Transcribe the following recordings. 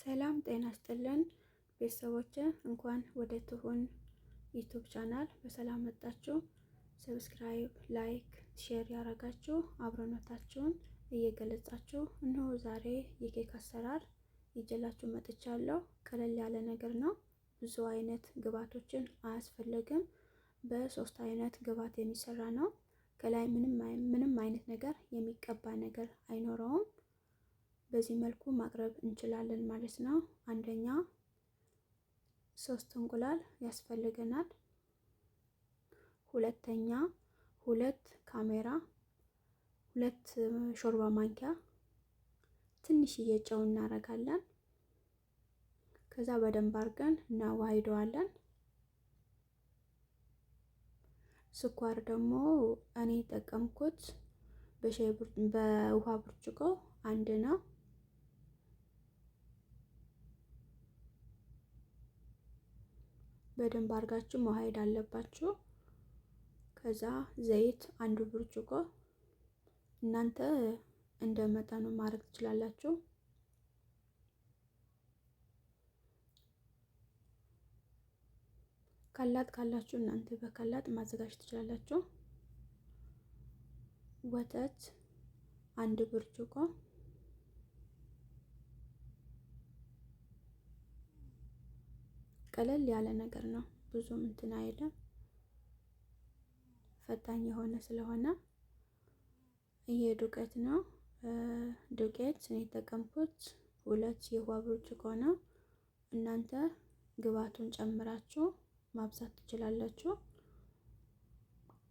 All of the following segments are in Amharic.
ሰላም ጤና ስጥልን ቤተሰቦች፣ እንኳን ወደ ትሁን ዩቱብ ቻናል በሰላም መጣችሁ። ሰብስክራይብ፣ ላይክ፣ ሼር ያደረጋችሁ አብሮነታችሁን እየገለጻችሁ እነሆ ዛሬ የኬክ አሰራር ይጀላችሁ መጥቻለሁ። ቀለል ያለ ነገር ነው። ብዙ አይነት ግብዓቶችን አያስፈልግም። በሶስት አይነት ግብዓት የሚሰራ ነው። ከላይ ምንም አይነት ነገር የሚቀባ ነገር አይኖረውም። በዚህ መልኩ ማቅረብ እንችላለን ማለት ነው። አንደኛ ሶስት እንቁላል ያስፈልገናል። ሁለተኛ ሁለት ካሜራ፣ ሁለት ሾርባ ማንኪያ ትንሽዬ ጨው እናረጋለን። ከዛ በደንብ አርገን እናዋሂደዋለን። ስኳር ደግሞ እኔ የጠቀምኩት በውሃ ብርጭቆ አንድ ነው። በደንብ አድርጋችሁ መዋሄድ አለባችሁ። ከዛ ዘይት አንዱ ብርጭቆ፣ እናንተ እንደ መጠኑ ማድረግ ትችላላችሁ። ካላት ካላችሁ እናንተ በከላጥ ማዘጋጅ ትችላላችሁ። ወተት አንድ ብርጭቆ ቀለል ያለ ነገር ነው። ብዙም እንትን አይልም። ፈታኝ የሆነ ስለሆነ ይሄ ዱቄት ነው። ዱቄት እኔ የተጠቀምኩት ሁለት የውሃ ብርጭቆ ነው። እናንተ ግብአቱን ጨምራችሁ ማብዛት ትችላላችሁ።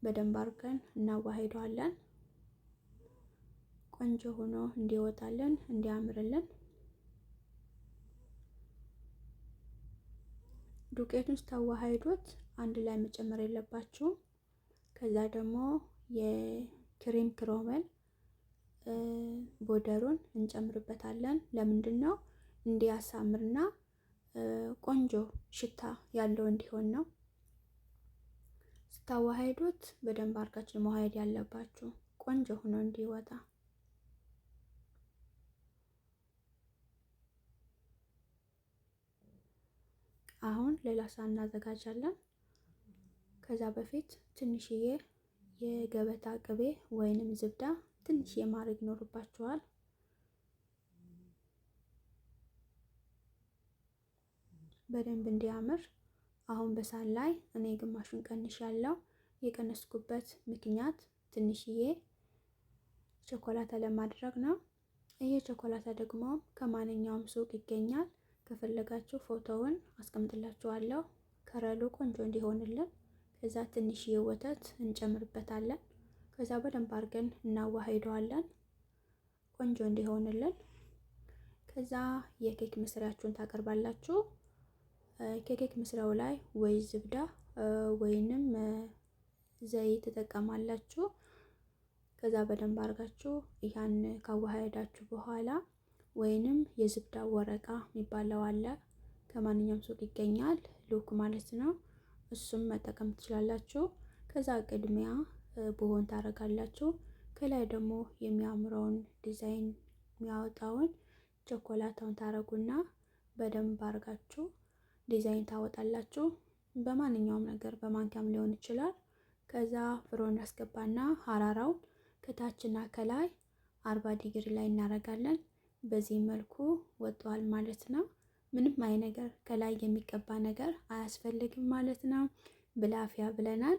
በደንብ አድርገን እናዋሂደዋለን። ቆንጆ ሆኖ እንዲወጣልን እንዲያምርልን ዱቄቱን ስታዋሃይዶት አንድ ላይ መጨመር የለባችሁም። ከዛ ደግሞ የክሬም ክሮመል ቦደሩን እንጨምርበታለን። ለምንድን ነው እንዲያሳምርና ቆንጆ ሽታ ያለው እንዲሆን ነው። ስታዋሃይዶት በደንብ አድርጋችሁ መዋሄድ ያለባችሁ ቆንጆ ሆኖ እንዲወጣ አሁን ሌላ ሳህን እናዘጋጃለን። ከዛ በፊት ትንሽዬ የገበታ ቅቤ ወይንም ዝብዳ ትንሽዬ ማድረግ ይኖርባችኋል። በደንብ እንዲያምር አሁን በሳህን ላይ እኔ ግማሹን ቀንሽ ያለው የቀነስኩበት ምክንያት ትንሽዬ ቸኮላታ ለማድረግ ነው። ይሄ ቸኮላታ ደግሞ ከማንኛውም ሱቅ ይገኛል። ከፈለጋችሁ ፎቶውን አስቀምጥላችኋለሁ። ከረሉ ቆንጆ እንዲሆንልን ከዛ ትንሽዬ ወተት እንጨምርበታለን። ከዛ በደንብ አድርገን እናዋሂደዋለን ቆንጆ እንዲሆንልን። ከዛ የኬክ መስሪያችሁን ታቀርባላችሁ። ከኬክ መስሪያው ላይ ወይ ዝብዳ ወይንም ዘይት ትጠቀማላችሁ። ከዛ በደንብ አድርጋችሁ ያን ካዋሃዳችሁ በኋላ ወይንም የዝብዳ ወረቃ የሚባለው አለ። ከማንኛውም ሱቅ ይገኛል፣ ሉክ ማለት ነው። እሱም መጠቀም ትችላላችሁ። ከዛ ቅድሚያ ቡሆን ታደርጋላችሁ። ከላይ ደግሞ የሚያምረውን ዲዛይን የሚያወጣውን ቸኮላታውን ታደርጉና በደንብ አድርጋችሁ ዲዛይን ታወጣላችሁ። በማንኛውም ነገር በማንኪያም ሊሆን ይችላል። ከዛ ፍሮን ያስገባና ሀራራውን ከታችና ከላይ አርባ ዲግሪ ላይ እናረጋለን። በዚህ መልኩ ወጥቷል ማለት ነው። ምንም አይ ነገር ከላይ የሚቀባ ነገር አያስፈልግም ማለት ነው። ብላፊያ ብለናል።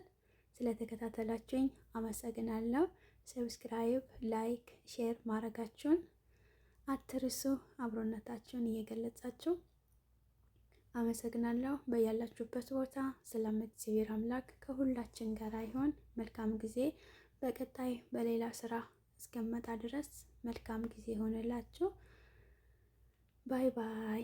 ስለተከታተላችሁኝ አመሰግናለሁ። ሰብስክራይብ፣ ላይክ፣ ሼር ማድረጋችሁን አትርሱ። አብሮነታችሁን እየገለጻችሁ አመሰግናለሁ። በያላችሁበት ቦታ ሰላም እግዚአብሔር አምላክ ከሁላችን ጋር ይሆን። መልካም ጊዜ። በቀጣይ በሌላ ስራ እስከመጣ ድረስ መልካም ጊዜ የሆነላችሁ ባይ ባይ።